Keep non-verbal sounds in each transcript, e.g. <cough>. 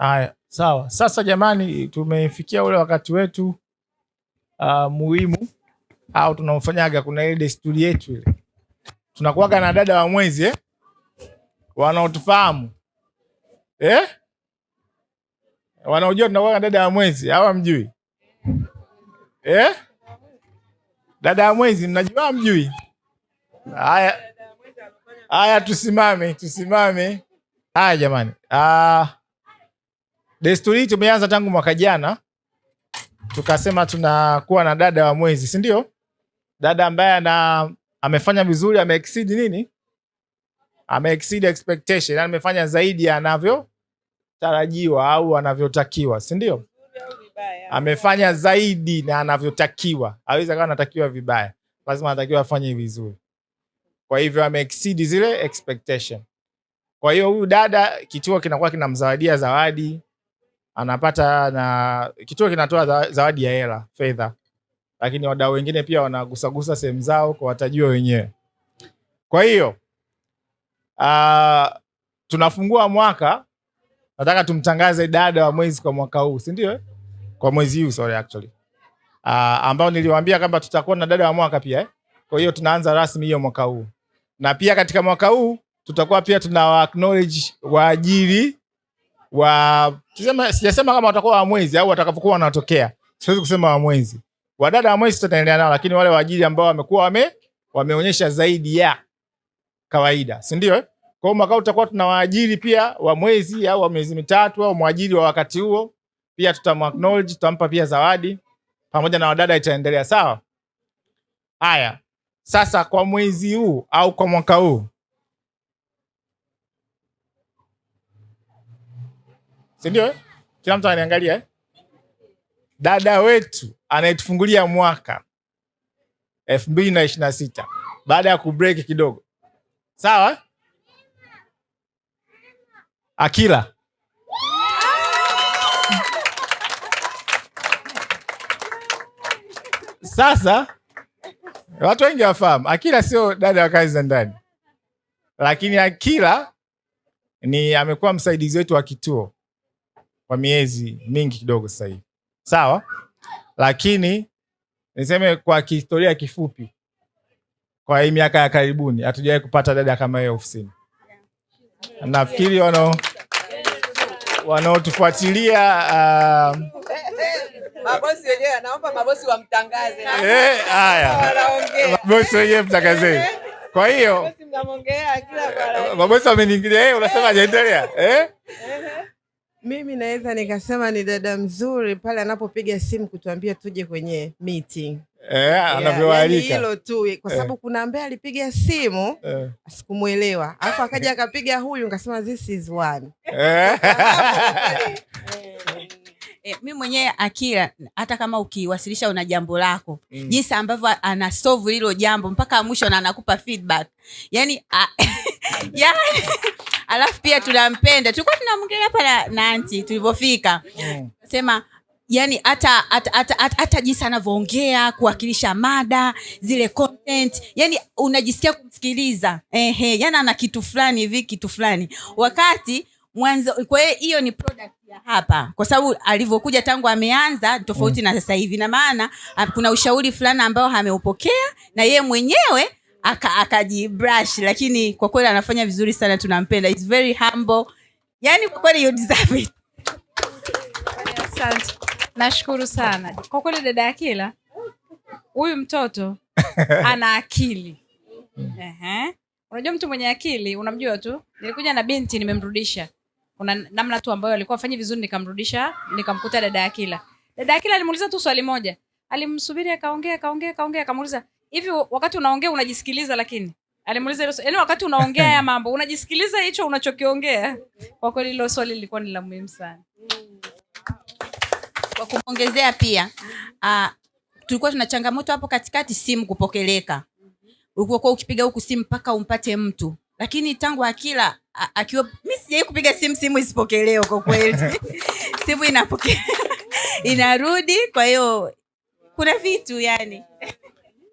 Haya, sawa. Sasa jamani, tumefikia ule wakati wetu uh, muhimu au tunaofanyaga, kuna ile desturi yetu ile tunakuwaga na dada wa mwezi eh? wanaotufahamu eh? wanaojua tunakuwaga na dada wa mwezi au hamjui eh? dada wa mwezi mnajua, hamjui? Haya, haya, tusimame tusimame. Haya jamani, ah Desturi hii tumeanza tangu mwaka jana, tukasema tunakuwa na dada wa mwezi, si ndio? Dada ambaye ana amefanya vizuri, ameexceed nini, ameexceed expectation, yani amefanya zaidi anavyotarajiwa au anavyotakiwa, si ndio? Amefanya zaidi na anavyotakiwa, aweza kawa anatakiwa vibaya, lazima anatakiwa afanye vizuri. Kwa hivyo ameexceed zile expectation. Kwa hiyo huyu dada kituo kinakuwa kinamzawadia zawadi anapata na kituo kinatoa zawadi ya hela fedha, lakini wadau wengine pia wanagusagusa sehemu zao kwa watajua wenyewe. Kwa hiyo uh, tunafungua mwaka, nataka tumtangaze dada wa mwezi kwa mwaka huu, si ndio? Eh? Kwa mwezi huu sorry, actually uh, ambao niliwaambia kwamba tutakuwa na dada wa mwaka pia eh? Kwa hiyo tunaanza rasmi hiyo mwaka huu, na pia katika mwaka huu tutakuwa pia tuna acknowledge waajiri wa tuseme, sijasema kama watakuwa wamwezi au watakavyokuwa wanatokea, siwezi kusema wamwezi. Wadada wamwezi tutaendelea nao, lakini wale waajili ambao wamekuwa wame wameonyesha zaidi ya kawaida, si ndio? Eh? Kwa hiyo mwaka tutakuwa tuna waajili pia wa mwezi au wa miezi mitatu au mwajili wa wakati huo, pia tutamwacknowledge, tutampa pia zawadi pamoja na wadada, itaendelea sawa. Haya, sasa kwa mwezi huu au kwa mwaka huu sindio eh? Kila mtu ananiangalia eh? Dada wetu anayetufungulia mwaka elfu mbili na ishirini na sita baada ya kubrek kidogo, sawa Akila Sasa watu wengi wafahamu Akila sio dada wa kazi za ndani, lakini Akila ni amekuwa msaidizi wetu wa kituo kwa miezi mingi kidogo sasa hivi, sawa. Lakini niseme kwa kihistoria kifupi, kwa hii miaka ya karibuni hatujawahi kupata dada kama yeye ofisini. Nafikiri wanao wanaotufuatilia uh, mabosi wenyewe anaomba mabosi wamtangaze. Eh, haya. Mabosi wenyewe mtangazeni. Kwa hiyo mabosi wameniingilia, eh, unasema ajaendelea. Eh? eh mimi naweza nikasema ni dada mzuri pale anapopiga simu kutuambia tuje kwenye meeting. Yeah, anavyoalika hilo tu, kwa eh. sababu yeah. Kuna ambaye alipiga simu yeah. sikumuelewa. alafu akaja akapiga huyu nikasema this is one E, eh. <laughs> Eh, mi mwenyewe Akira, hata kama ukiwasilisha una jambo lako mm. jinsi ambavyo ana solve hilo jambo mpaka mwisho na anakupa feedback Yaani yani <laughs> alafu pia tunampenda, tulikuwa tunamgelea hapa na, na anti mm. sema yani hata hata jinsi anavyoongea kuwakilisha mada zile content, yani unajisikia kumsikiliza ehe, yani ana kitu fulani hivi kitu fulani wakati mwanzo. Kwa hiyo hiyo ni product ya hapa, kwa sababu alivyokuja tangu ameanza tofauti mm, na sasa hivi, na maana kuna ushauri fulani ambao ameupokea na yeye mwenyewe akajibrash aka lakini kwa kweli anafanya vizuri sana, tunampenda. It's very humble, yani kwa kweli you deserve it. Asante, nashukuru sana kwa kweli. Dada Akila, huyu mtoto <laughs> ana akili uh-huh. Unajua, mtu mwenye akili unamjua tu. Nilikuja na binti nimemrudisha, kuna namna tu ambayo alikuwa afanye vizuri, nikamrudisha nikamkuta dada Akila. Dada Akila alimuuliza tu swali moja, alimsubiri akaongea akaongea akaongea, akamuuliza hivi wakati unaongea unajisikiliza lakini alimuuliza hilo yaani wakati unaongea haya mambo unajisikiliza hicho unachokiongea kwa kweli hilo swali lilikuwa ni la muhimu sana kwa kumongezea pia uh, tulikuwa tuna changamoto hapo katikati simu kupokeleka ulikuwa ukipiga huku simu mpaka umpate mtu lakini tangu akila akiwa mi sijai kupiga simu simu isipokelewa kwa kweli <laughs> simu inapokea inarudi kwa hiyo kuna vitu yani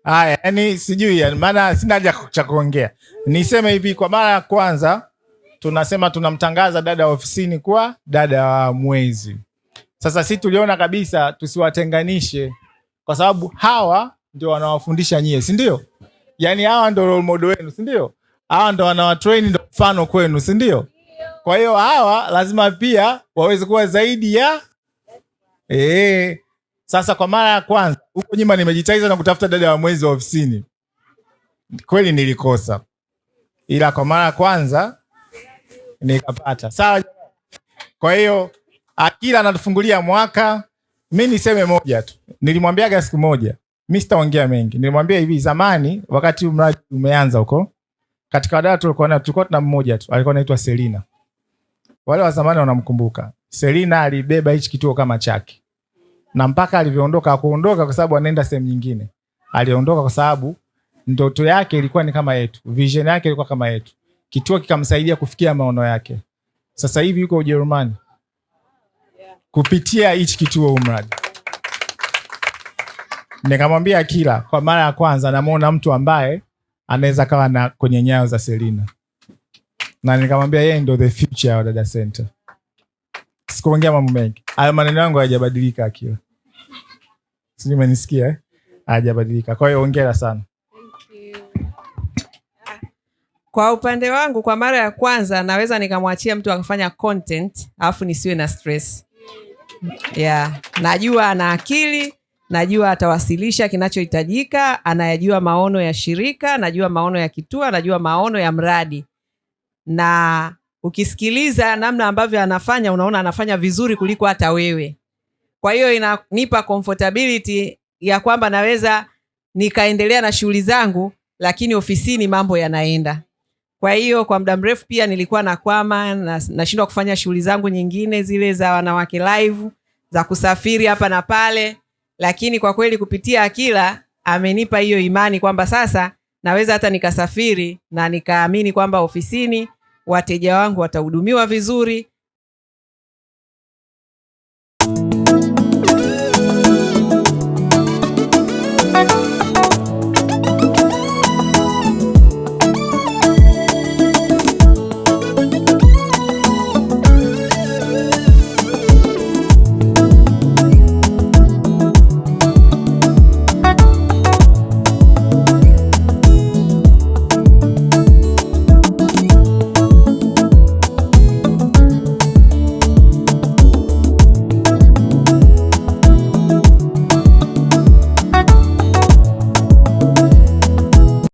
Haya, yani sijui, ya, maana sina haja cha kuongea. Niseme hivi, kwa mara ya kwanza tunasema tunamtangaza dada wa ofisini kuwa dada wa mwezi. Sasa si tuliona kabisa tusiwatenganishe, kwa sababu hawa ndio wanawafundisha nyie, si Yani hawa ndo role model wenu, si Hawa ndo wanawatrain, ndo mfano kwenu, si Kwa hiyo hawa lazima pia waweze kuwa zaidi ya eh sasa kwa mara ya kwanza huko nyuma nimejitaiza na kutafuta dada wa mwezi wa ofisini, kweli nilikosa, ila kwa mara ya kwanza nikapata. Sawa. Kwa hiyo Akila anatufungulia mwaka. Mi niseme moja tu, nilimwambiaga siku moja, mi sitaongea mengi. Nilimwambia hivi zamani, wakati mradi umeanza huko, katika wadada tulikuwa na tulikuwa tuna mmoja tu alikuwa anaitwa Selina. Wale wa zamani wanamkumbuka Selina, alibeba hichi kituo kama chake na mpaka alivyoondoka, akuondoka kwa sababu anaenda sehemu nyingine. Aliondoka kwa sababu ndoto yake ilikuwa ni kama yetu, vision yake ilikuwa kama yetu, kituo kikamsaidia kufikia maono yake. Sasa hivi yuko Ujerumani kupitia hichi kituo umradi. Nikamwambia kila kwa mara ya kwanza namuona mtu ambaye anaweza kawa na kwenye nyayo za Selina, na nikamwambia yeye ndo the future ya Dada Center sikuongea mambo mengi. Hayo maneno yangu hayajabadilika, Akila, sijui umenisikia eh? Hayajabadilika, kwa hiyo ongera sana. Kwa upande wangu, kwa mara ya kwanza naweza nikamwachia mtu akafanya content alafu nisiwe na stress yeah. Najua ana akili, najua atawasilisha kinachohitajika, anayajua maono ya shirika, najua maono ya kituo, najua maono ya mradi na ukisikiliza namna ambavyo anafanya unaona anafanya vizuri kuliko hata wewe. Kwa hiyo inanipa comfortability ya kwamba naweza nikaendelea na shughuli zangu, lakini ofisini mambo yanaenda. Kwa hiyo kwa muda mrefu pia nilikuwa nakwama, nashindwa na kufanya shughuli zangu nyingine zile za wanawake live za kusafiri hapa na pale, lakini kwa kweli kupitia Akila amenipa hiyo imani kwamba sasa naweza hata nikasafiri na nikaamini kwamba ofisini wateja wangu watahudumiwa vizuri,